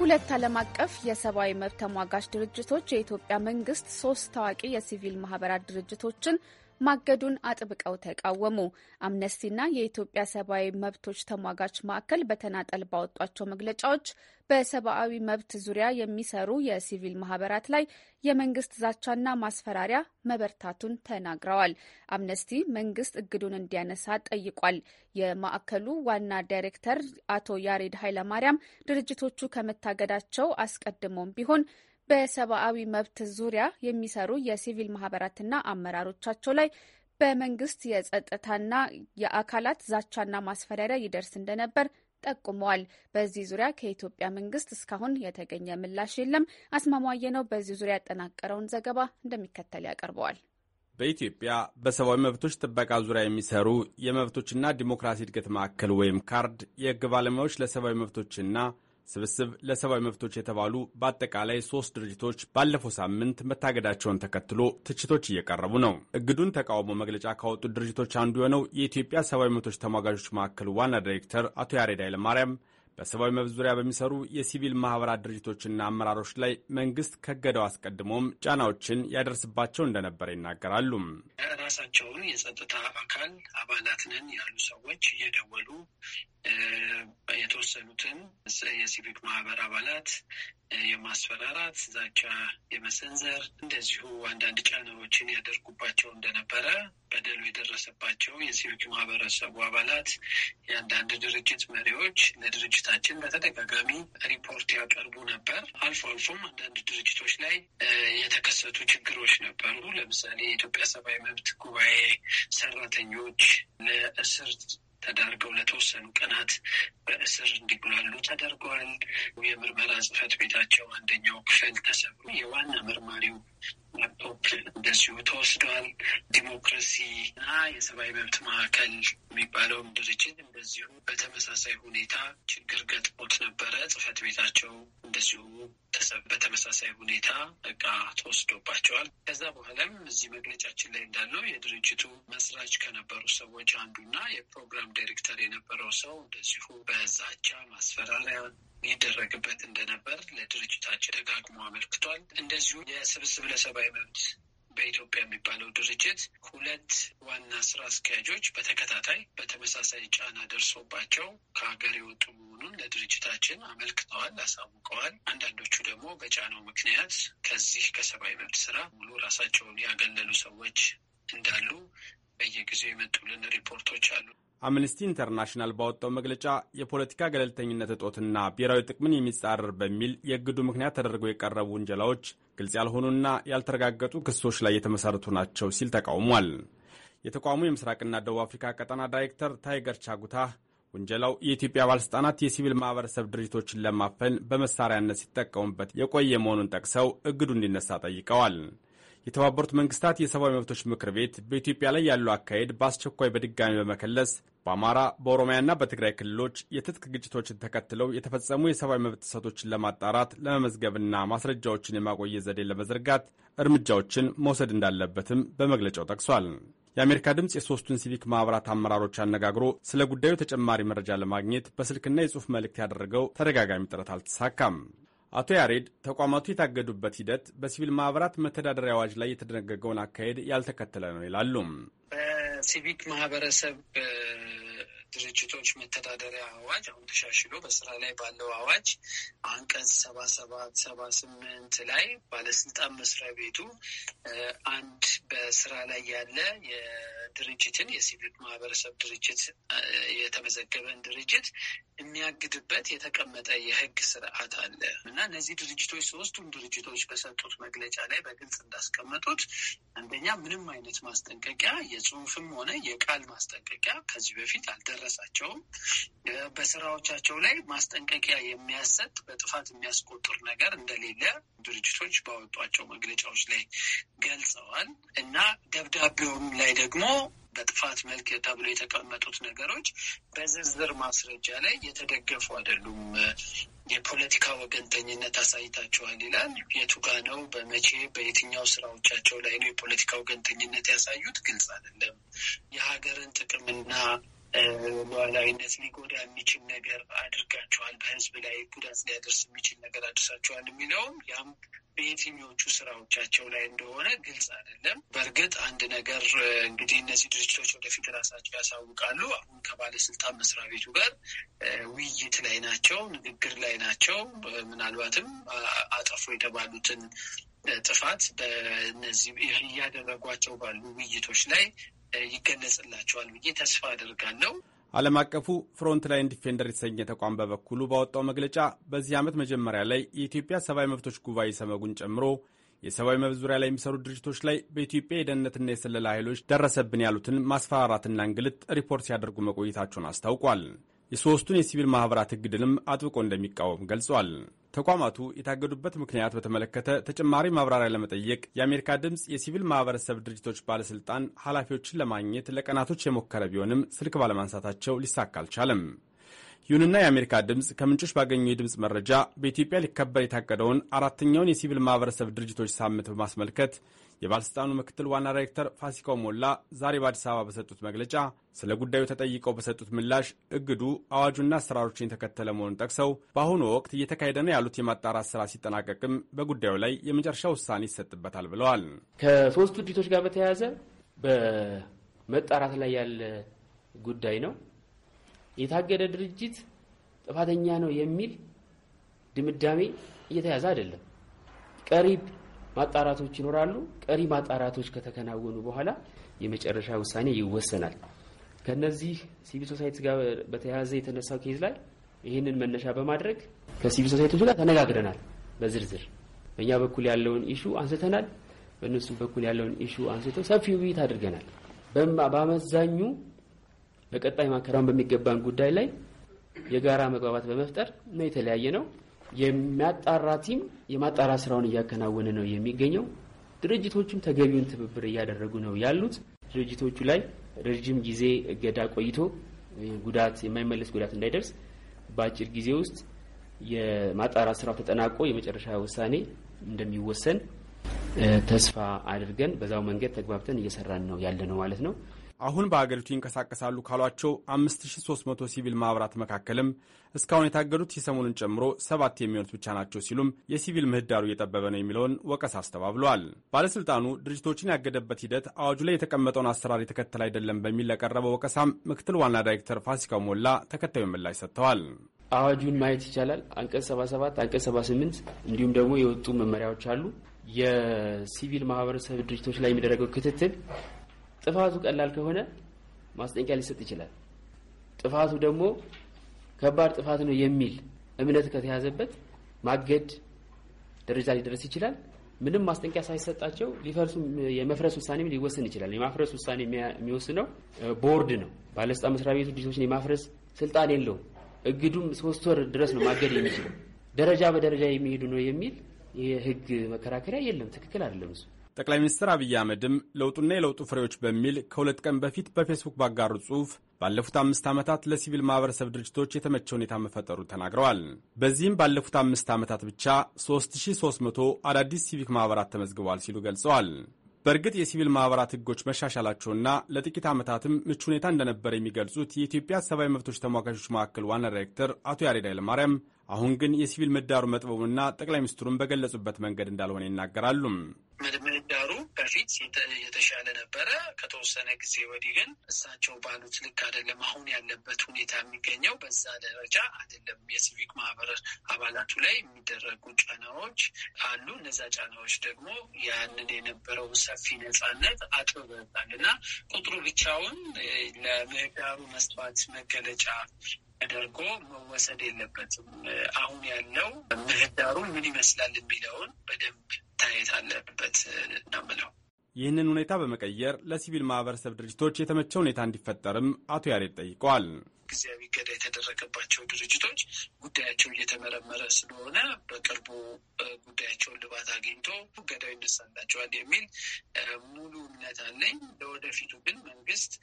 ሁለት ዓለም አቀፍ የሰብአዊ መብት ተሟጋች ድርጅቶች የኢትዮጵያ መንግስት ሶስት ታዋቂ የሲቪል ማህበራት ድርጅቶችን ማገዱን አጥብቀው ተቃወሙ። አምነስቲና የኢትዮጵያ ሰብአዊ መብቶች ተሟጋች ማዕከል በተናጠል ባወጧቸው መግለጫዎች በሰብአዊ መብት ዙሪያ የሚሰሩ የሲቪል ማህበራት ላይ የመንግስት ዛቻና ማስፈራሪያ መበርታቱን ተናግረዋል። አምነስቲ መንግስት እግዱን እንዲያነሳ ጠይቋል። የማዕከሉ ዋና ዳይሬክተር አቶ ያሬድ ኃይለማርያም ድርጅቶቹ ከመታገዳቸው አስቀድሞም ቢሆን በሰብአዊ መብት ዙሪያ የሚሰሩ የሲቪል ማህበራትና አመራሮቻቸው ላይ በመንግስት የጸጥታና የአካላት ዛቻና ማስፈራሪያ ይደርስ እንደነበር ጠቁመዋል። በዚህ ዙሪያ ከኢትዮጵያ መንግስት እስካሁን የተገኘ ምላሽ የለም። አስማማየ ነው በዚህ ዙሪያ ያጠናቀረውን ዘገባ እንደሚከተል ያቀርበዋል። በኢትዮጵያ በሰብአዊ መብቶች ጥበቃ ዙሪያ የሚሰሩ የመብቶችና ዲሞክራሲ እድገት ማዕከል ወይም ካርድ የህግ ባለሙያዎች ለሰብአዊ መብቶችና ስብስብ ለሰብአዊ መብቶች የተባሉ በአጠቃላይ ሶስት ድርጅቶች ባለፈው ሳምንት መታገዳቸውን ተከትሎ ትችቶች እየቀረቡ ነው። እግዱን ተቃውሞ መግለጫ ካወጡት ድርጅቶች አንዱ የሆነው የኢትዮጵያ ሰብአዊ መብቶች ተሟጋቾች ማዕከል ዋና ዳይሬክተር አቶ ያሬድ ኃይለማርያም በሰብአዊ መብት ዙሪያ በሚሰሩ የሲቪል ማኅበራት ድርጅቶችና አመራሮች ላይ መንግሥት ከገደው አስቀድሞም ጫናዎችን ያደርስባቸው እንደነበረ ይናገራሉ። ራሳቸውን የጸጥታ አካል አባላት ነን ያሉ ሰዎች እየደወሉ የተወሰኑትን የሲቪክ ማህበር አባላት የማስፈራራት ዛቻ የመሰንዘር እንደዚሁ አንዳንድ ጫናዎችን ያደርጉባቸው እንደነበረ በደሉ የደረሰባቸው የሲቪክ ማህበረሰቡ አባላት፣ የአንዳንድ ድርጅት መሪዎች ለድርጅታችን በተደጋጋሚ ሪፖርት ያቀርቡ ነበር። አልፎ አልፎም አንዳንድ ድርጅቶች ላይ የተከሰቱ ችግሮች ነበሩ። ለምሳሌ የኢትዮጵያ ሰብአዊ መብት ጉባኤ ሰራተኞች ለእስር ተዳርገው ለተወሰኑ ቀናት በእስር እንዲጉላሉ ተደርገዋል። የምርመራ ጽህፈት ቤታቸው አንደኛው ክፍል ተሰብሮ የዋና መርማሪው ላፕቶፕ እንደዚሁ ተወስደዋል። ዲሞክራሲና የሰብአዊ መብት ማዕከል የሚባለውም ድርጅት እንደዚሁ በተመሳሳይ ሁኔታ ችግር ገጥሞት ነበረ። ጽሕፈት ቤታቸው እንደዚሁ በተመሳሳይ ሁኔታ እቃ ተወስዶባቸዋል። ከዛ በኋላም እዚህ መግለጫችን ላይ እንዳለው የድርጅቱ መስ ተወዛጅ ከነበሩ ሰዎች አንዱና የፕሮግራም ዳይሬክተር የነበረው ሰው እንደዚሁ በዛቻ ማስፈራሪያ ይደረግበት እንደነበር ለድርጅታችን ደጋግሞ አመልክቷል። እንደዚሁ የስብስብ ለሰብአዊ መብት በኢትዮጵያ የሚባለው ድርጅት ሁለት ዋና ስራ አስኪያጆች በተከታታይ በተመሳሳይ ጫና ደርሶባቸው ከሀገር የወጡ መሆኑን ለድርጅታችን አመልክተዋል፣ አሳውቀዋል። አንዳንዶቹ ደግሞ በጫናው ምክንያት ከዚህ ከሰብአዊ መብት ስራ ሙሉ ራሳቸውን ያገለሉ ሰዎች እንዳሉ በየጊዜው የመጡልን ሪፖርቶች አሉ። አምነስቲ ኢንተርናሽናል ባወጣው መግለጫ የፖለቲካ ገለልተኝነት እጦትና ብሔራዊ ጥቅምን የሚጻረር በሚል የእግዱ ምክንያት ተደርገው የቀረቡ ውንጀላዎች ግልጽ ያልሆኑና ያልተረጋገጡ ክሶች ላይ የተመሰረቱ ናቸው ሲል ተቃውሟል። የተቋሙ የምስራቅና ደቡብ አፍሪካ ቀጠና ዳይሬክተር ታይገር ቻጉታ ውንጀላው የኢትዮጵያ ባለሥልጣናት የሲቪል ማኅበረሰብ ድርጅቶችን ለማፈን በመሳሪያነት ሲጠቀሙበት የቆየ መሆኑን ጠቅሰው እግዱ እንዲነሳ ጠይቀዋል። የተባበሩት መንግስታት የሰብአዊ መብቶች ምክር ቤት በኢትዮጵያ ላይ ያለው አካሄድ በአስቸኳይ በድጋሚ በመከለስ በአማራ በኦሮሚያና በትግራይ ክልሎች የትጥቅ ግጭቶችን ተከትለው የተፈጸሙ የሰብአዊ መብት ጥሰቶችን ለማጣራት ለመመዝገብና ማስረጃዎችን የማቆየ ዘዴ ለመዘርጋት እርምጃዎችን መውሰድ እንዳለበትም በመግለጫው ጠቅሷል። የአሜሪካ ድምፅ የሶስቱን ሲቪክ ማኅበራት አመራሮች አነጋግሮ ስለ ጉዳዩ ተጨማሪ መረጃ ለማግኘት በስልክና የጽሑፍ መልእክት ያደረገው ተደጋጋሚ ጥረት አልተሳካም። አቶ ያሬድ ተቋማቱ የታገዱበት ሂደት በሲቪል ማህበራት መተዳደሪያ አዋጅ ላይ የተደነገገውን አካሄድ ያልተከተለ ነው ይላሉ። በሲቪክ ማህበረሰብ ድርጅቶች መተዳደሪያ አዋጅ አሁን ተሻሽሎ በስራ ላይ ባለው አዋጅ አንቀጽ ሰባ ሰባት ሰባ ስምንት ላይ ባለስልጣን መስሪያ ቤቱ አንድ በስራ ላይ ያለ የድርጅትን የሲቪክ ማህበረሰብ ድርጅት የተመዘገበን ድርጅት የሚያግድበት የተቀመጠ የህግ ስርዓት አለ እና እነዚህ ድርጅቶች ሶስቱም ድርጅቶች በሰጡት መግለጫ ላይ በግልጽ እንዳስቀመጡት አንደኛ ምንም አይነት ማስጠንቀቂያ የጽሁፍም ሆነ የቃል ማስጠንቀቂያ ከዚህ በፊት አልደረሳቸውም። በስራዎቻቸው ላይ ማስጠንቀቂያ የሚያሰጥ በጥፋት የሚያስቆጥር ነገር እንደሌለ ድርጅቶች ባወጧቸው መግለጫዎች ላይ ገልጸዋል እና ደብዳቤውም ላይ ደግሞ በጥፋት መልክ ተብሎ የተቀመጡት ነገሮች በዝርዝር ማስረጃ ላይ የተደገፉ አይደሉም። የፖለቲካ ወገንተኝነት አሳይታችኋል ይላል። የቱጋ ጋ ነው? በመቼ በየትኛው ስራዎቻቸው ላይ ነው የፖለቲካ ወገንተኝነት ያሳዩት? ግልጽ አይደለም። የሀገርን ጥቅምና ሉዓላዊነት ሊጎዳ የሚችል ነገር አድርጋችኋል፣ በህዝብ ላይ ጉዳት ሊያደርስ የሚችል ነገር አድርሳችኋል የሚለውም ያም በየትኞቹ ስራዎቻቸው ላይ እንደሆነ ግልጽ አይደለም። በእርግጥ አንድ ነገር እንግዲህ እነዚህ ድርጅቶች ወደፊት ራሳቸው ያሳውቃሉ። አሁን ከባለስልጣን መስሪያ ቤቱ ጋር ውይይት ላይ ናቸው፣ ንግግር ላይ ናቸው። ምናልባትም አጠፎ የተባሉትን ጥፋት በእነዚህ እያደረጓቸው ባሉ ውይይቶች ላይ ይገለጽላቸዋል ብዬ ተስፋ አደርጋለሁ። ዓለም አቀፉ ፍሮንት ላይን ዲፌንደር የተሰኘ ተቋም በበኩሉ ባወጣው መግለጫ በዚህ ዓመት መጀመሪያ ላይ የኢትዮጵያ ሰብአዊ መብቶች ጉባኤ ሰመጉን ጨምሮ የሰብአዊ መብት ዙሪያ ላይ የሚሰሩ ድርጅቶች ላይ በኢትዮጵያ የደህንነትና የስለላ ኃይሎች ደረሰብን ያሉትን ማስፈራራትና እንግልት ሪፖርት ሲያደርጉ መቆየታቸውን አስታውቋል። የሦስቱን የሲቪል ማኅበራት ሕግ አጥብቆ እንደሚቃወም ገልጿል። ተቋማቱ የታገዱበት ምክንያት በተመለከተ ተጨማሪ ማብራሪያ ለመጠየቅ የአሜሪካ ድምፅ የሲቪል ማህበረሰብ ድርጅቶች ባለስልጣን ኃላፊዎችን ለማግኘት ለቀናቶች የሞከረ ቢሆንም ስልክ ባለማንሳታቸው ሊሳካ አልቻለም። ይሁንና የአሜሪካ ድምፅ ከምንጮች ባገኘው የድምፅ መረጃ በኢትዮጵያ ሊከበር የታቀደውን አራተኛውን የሲቪል ማህበረሰብ ድርጅቶች ሳምንት በማስመልከት የባለሥልጣኑ ምክትል ዋና ዳይሬክተር ፋሲካው ሞላ ዛሬ በአዲስ አበባ በሰጡት መግለጫ ስለ ጉዳዩ ተጠይቀው በሰጡት ምላሽ እግዱ አዋጁና አሰራሮችን የተከተለ መሆኑን ጠቅሰው በአሁኑ ወቅት እየተካሄደ ነው ያሉት የማጣራት ስራ ሲጠናቀቅም በጉዳዩ ላይ የመጨረሻ ውሳኔ ይሰጥበታል ብለዋል። ከሶስቱ ድርጅቶች ጋር በተያያዘ በመጣራት ላይ ያለ ጉዳይ ነው። የታገደ ድርጅት ጥፋተኛ ነው የሚል ድምዳሜ እየተያዘ አይደለም። ቀሪብ ማጣራቶች ይኖራሉ። ቀሪ ማጣራቶች ከተከናወኑ በኋላ የመጨረሻ ውሳኔ ይወሰናል። ከነዚህ ሲቪል ሶሳይቲ ጋር በተያያዘ የተነሳው ኬዝ ላይ ይህንን መነሻ በማድረግ ከሲቪል ሶሳይቲዎች ጋር ተነጋግረናል። በዝርዝር በእኛ በኩል ያለውን ኢሹ አንስተናል። በእነሱም በኩል ያለውን ኢሹ አንስተው ሰፊ ውይይት አድርገናል። በአመዛኙ በቀጣይ ማከራውን በሚገባን ጉዳይ ላይ የጋራ መግባባት በመፍጠር ነው። የተለያየ ነው። የሚያጣራ ቲም የማጣራ ስራውን እያከናወነ ነው የሚገኘው። ድርጅቶቹም ተገቢውን ትብብር እያደረጉ ነው ያሉት። ድርጅቶቹ ላይ ረዥም ጊዜ እገዳ ቆይቶ ጉዳት የማይመለስ ጉዳት እንዳይደርስ በአጭር ጊዜ ውስጥ የማጣራ ስራው ተጠናቆ የመጨረሻ ውሳኔ እንደሚወሰን ተስፋ አድርገን በዛው መንገድ ተግባብተን እየሰራን ነው ያለ ነው ማለት ነው። አሁን በአገሪቱ ይንቀሳቀሳሉ ካሏቸው 5300 ሲቪል ማኅበራት መካከልም እስካሁን የታገዱት የሰሞኑን ጨምሮ ሰባት የሚሆኑት ብቻ ናቸው ሲሉም የሲቪል ምህዳሩ እየጠበበ ነው የሚለውን ወቀሳ አስተባብለዋል። ባለሥልጣኑ ድርጅቶችን ያገደበት ሂደት አዋጁ ላይ የተቀመጠውን አሰራር የተከተለ አይደለም በሚል ለቀረበው ወቀሳም ምክትል ዋና ዳይሬክተር ፋሲካው ሞላ ተከታዩ ምላሽ ሰጥተዋል። አዋጁን ማየት ይቻላል። አንቀጽ 77 አንቀጽ 78 እንዲሁም ደግሞ የወጡ መመሪያዎች አሉ። የሲቪል ማህበረሰብ ድርጅቶች ላይ የሚደረገው ክትትል ጥፋቱ ቀላል ከሆነ ማስጠንቀቂያ ሊሰጥ ይችላል። ጥፋቱ ደግሞ ከባድ ጥፋት ነው የሚል እምነት ከተያዘበት ማገድ ደረጃ ሊደረስ ይችላል። ምንም ማስጠንቀቂያ ሳይሰጣቸው ሊፈርሱ የመፍረስ ውሳኔም ሊወሰን ይችላል። የማፍረስ ውሳኔ የሚወስነው ቦርድ ነው። ባለስልጣን መስሪያ ቤቱ ድርጅቶችን የማፍረስ ስልጣን የለውም። እግዱም ሶስት ወር ድረስ ነው ማገድ የሚችለው። ደረጃ በደረጃ የሚሄዱ ነው የሚል የህግ መከራከሪያ የለም። ትክክል አይደለም እሱ ጠቅላይ ሚኒስትር አብይ አህመድም ለውጡና የለውጡ ፍሬዎች በሚል ከሁለት ቀን በፊት በፌስቡክ ባጋሩ ጽሑፍ ባለፉት አምስት ዓመታት ለሲቪል ማህበረሰብ ድርጅቶች የተመቸ ሁኔታ መፈጠሩ ተናግረዋል። በዚህም ባለፉት አምስት ዓመታት ብቻ 3300 አዳዲስ ሲቪክ ማኅበራት ተመዝግበዋል ሲሉ ገልጸዋል። በእርግጥ የሲቪል ማኅበራት ሕጎች መሻሻላቸውና ለጥቂት ዓመታትም ምቹ ሁኔታ እንደነበረ የሚገልጹት የኢትዮጵያ ሰብአዊ መብቶች ተሟጋቾች ማዕከል ዋና ዳይሬክተር አቶ ያሬድ ኃይለማርያም አሁን ግን የሲቪል ምህዳሩ መጥበቡንና ጠቅላይ ሚኒስትሩን በገለጹበት መንገድ እንዳልሆነ ይናገራሉ። በፊት የተሻለ ነበረ። ከተወሰነ ጊዜ ወዲህ ግን እሳቸው ባሉት ልክ አይደለም። አሁን ያለበት ሁኔታ የሚገኘው በዛ ደረጃ አይደለም። የሲቪክ ማህበር አባላቱ ላይ የሚደረጉ ጫናዎች አሉ። እነዛ ጫናዎች ደግሞ ያንን የነበረው ሰፊ ነጻነት አጥበበታል እና ቁጥሩ ብቻውን ለምህዳሩ መስፋት መገለጫ ተደርጎ መወሰድ የለበትም። አሁን ያለው ምህዳሩ ምን ይመስላል የሚለውን በደንብ መታየት አለበት ነው የምለው። ይህንን ሁኔታ በመቀየር ለሲቪል ማህበረሰብ ድርጅቶች የተመቸ ሁኔታ እንዲፈጠርም አቶ ያሬድ ጠይቀዋል። ጊዜያዊ ገዳ የተደረገባቸው ድርጅቶች ጉዳያቸው እየተመረመረ ስለሆነ በቅርቡ ጉዳያቸውን ልባት አግኝቶ ገዳው ይነሳላቸዋል የሚል ሙሉ እምነት አለኝ። ለወደፊቱ ግን መንግስት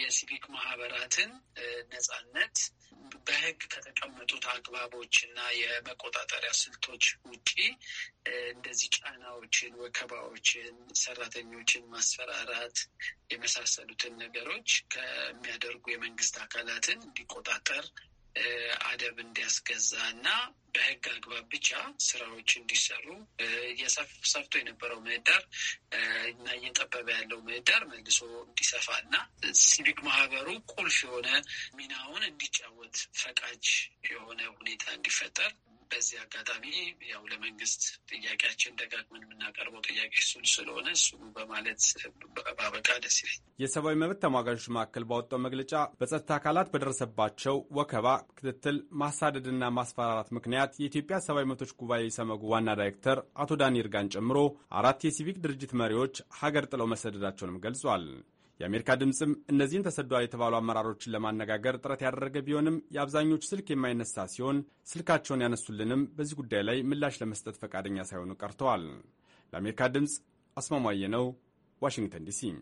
የሲቪክ ማህበራትን ነጻነት በህግ ከተቀመጡት አግባቦች እና የመቆጣጠሪያ ስልቶች ውጪ እንደዚህ ጫናዎችን፣ ወከባዎችን፣ ሰራተኞችን ማስፈራራት የመሳሰሉትን ነገሮች ከሚያደርጉ የመንግስት አካላትን እንዲቆጣጠር አደብ እንዲያስገዛ እና በህግ አግባብ ብቻ ስራዎች እንዲሰሩ ሰፍቶ የነበረው ምህዳር እና እየጠበበ ያለው ምህዳር መልሶ እንዲሰፋ እና ሲቪክ ማህበሩ ቁልፍ የሆነ ሚናውን እንዲጫወት ፈቃጅ የሆነ ሁኔታ እንዲፈጠር በዚህ አጋጣሚ ያው ለመንግስት ጥያቄያችን ደጋግመን የምናቀርበው ጥያቄ እሱን ስለሆነ እሱ በማለት ባበቃ ደስ ይለኝ። የሰብአዊ መብት ተሟጋቾች መካከል ባወጣው መግለጫ በጸጥታ አካላት በደረሰባቸው ወከባ፣ ክትትል፣ ማሳደድና ማስፈራራት ምክንያት የኢትዮጵያ ሰብአዊ መብቶች ጉባኤ ሰመጉ ዋና ዳይሬክተር አቶ ዳንኤል ጋን ጨምሮ አራት የሲቪክ ድርጅት መሪዎች ሀገር ጥለው መሰደዳቸውንም ገልጿል። የአሜሪካ ድምፅም እነዚህን ተሰዷል የተባሉ አመራሮችን ለማነጋገር ጥረት ያደረገ ቢሆንም የአብዛኞቹ ስልክ የማይነሳ ሲሆን ስልካቸውን ያነሱልንም በዚህ ጉዳይ ላይ ምላሽ ለመስጠት ፈቃደኛ ሳይሆኑ ቀርተዋል። ለአሜሪካ ድምፅ አስማማየ ነው፣ ዋሽንግተን ዲሲ